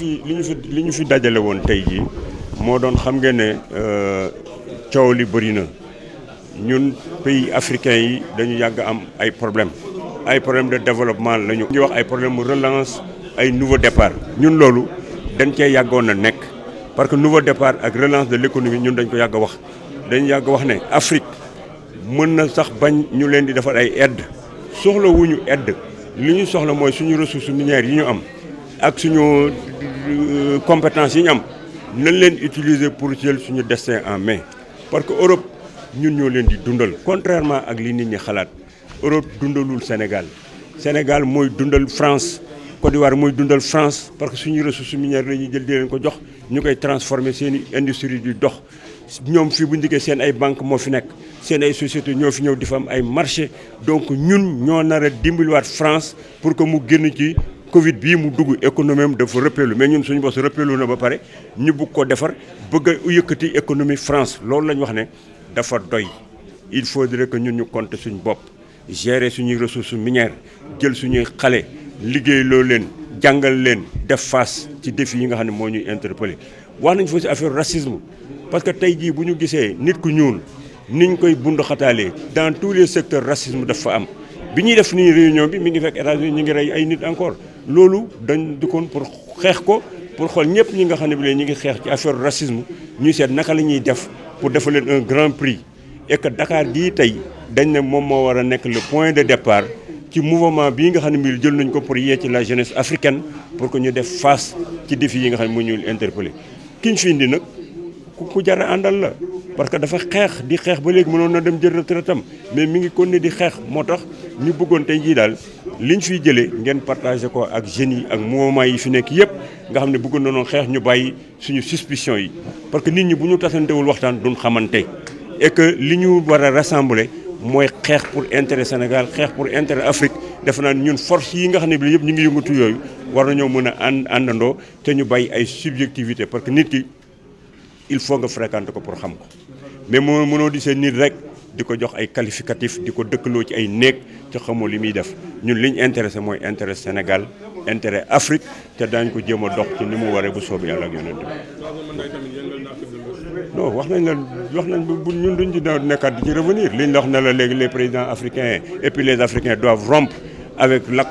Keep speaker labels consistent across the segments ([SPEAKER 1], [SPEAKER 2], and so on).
[SPEAKER 1] li ñu fi li ñu fi dajale woon tey jii moo doon xam nga ne euh, coow li bëri na ñun pays africain yi dañu yàgg am ay problème ay problème de développement la ñu. ñuy wax ay problème mu relance ay nouveau départ ñun loolu dañ cee yàggoon na nekk parce que nouveau départ ak relance de l'économie ñun dañ ko yàgg wax dañu yàgg wax ne Afrique mën na sax bañ ñu leen di defal ay aide soxla wu ñu aide li ñu soxla mooy suñu ressources minières yi ñu am ak suñu Euh, compétence yi ñu am nañ leen utiliser pour jël suñu destin en main parce que Europe ñun ñoo leen di dundal contrairement ak li nit ñi xalaat Europe dundalul Sénégal Sénégal mooy dundal France Côte d'Ivoire mooy dundal France parce que suñu ressources minières la ñuy jël di leen ko jox ñu koy transformer seen i industrie di dox ñoom fii bu ñu dikkee seen ay banque moo fi nekk seen ay société ñoo fi ñëw di fa am ay marché donc ñun ñoo nar a dimbaliwaat France pour que mu génn ci Covid bii mu dugg économie am dafa rëppeelu mais ñun suñu bos rëppeelu na ba pare ñu bugg ko defar bëgg a yëkkati économie France loolu la ñu wax ne dafa doy il faut faudrait que ñun ñu compter suñu bopp gérer suñuy ressources minières jël suñuy xale liggéey loo leen jàngal leen def face ci défi yi nga xam ne moo ñuy interpellé wax nañ fa si affaire racisme parce que tey jii bu ñu gisee nit ku ñuul niñ koy bund xataalee dans tous les secteurs racisme dafa am bi ñuy def nii réunion bi mi ngi fekk États-Unis ñu ngi rey ay nit encore loolu dañ dikkoon pour xeex ko pour xool ñëpp ñi nga xam ne bi ñu ngi xeex ci affaire racisme ñuy seet naka la ñuy def pour defal leen un grand prix et que Dakar tey dañ ne moom moo war a nekk le point de départ ci mouvement bii nga xam ne bi jël nañ ko pour yee ci la jeunesse africaine pour que ñu def face ci défi yi nga xam ne mu ñu interpellé ki fi indi nag ku jar a àndal parce que dafa xeex di xeex ba léegi mënoon na dem jël retraitam mais mi ngi kon ne di xeex moo tax ñu bëggoon tey jii daal liñ fiy jëlee ngeen partagé ko ak jeunes yi ak mouvement yi fi nekk yëpp nga xam ne bëggoon na noon xeex ñu bàyyi suñu suspicion yi parce que nit ñi bu ñu tasantewul waxtaan duñ xamante et que li ñu war a rassembler mooy xeex pour intérêt Sénégal xeex pour intérêt Afrique defe naa ñun force yi nga xam ne bi yëpp ñu ngi yëngatu yooy war nañoo mën a ànd àndandoo te ñu bàyyi ay subjectivité parce que nit ki il faut nga fréquenter ko pour xam ko mais moo mënoo di seen nit rek di ko jox ay qualificatif di ko dëkkaloo ci ay néeg te xamoo li muy def ñun li ñu intéressé mooy intérêt Sénégal intérêt Afrique te daañ ko jéem a dox ci ni mu waree bu soobu yàlla ak yonent wax nañ la wax nañ bu ñun duñ ci nekkaat di ci revenir liñ la wax ne la léegi les présidents africains et puis les africains avec l'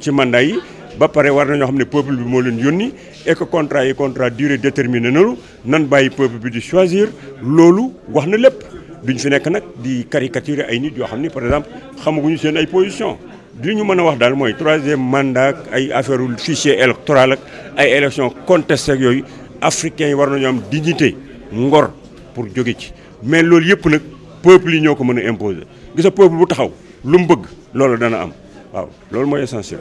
[SPEAKER 1] ci mandat yi ba pare war ñoo xam ne peuple bi moo leen yónni et que contrat yi contrat durée déterminée nanu nan bàyyi peuple bi di choisir loolu wax na lépp duñ fi nekk nag di caricaturer ay nit yoo xam ni par exemple xamaguñu seen ay position li ñu mën a wax daal mooy troisième mandat ay affaire fichier électoral ak ay élection contestées yooyu africains yi war nañu am dignité ngor pour jóge ci mais loolu yëpp nag peuple yi ñoo ko mën a imposer gis nga peuple bu taxaw lu mu bëgg loolu dana am waaw loolu mooy essentiel.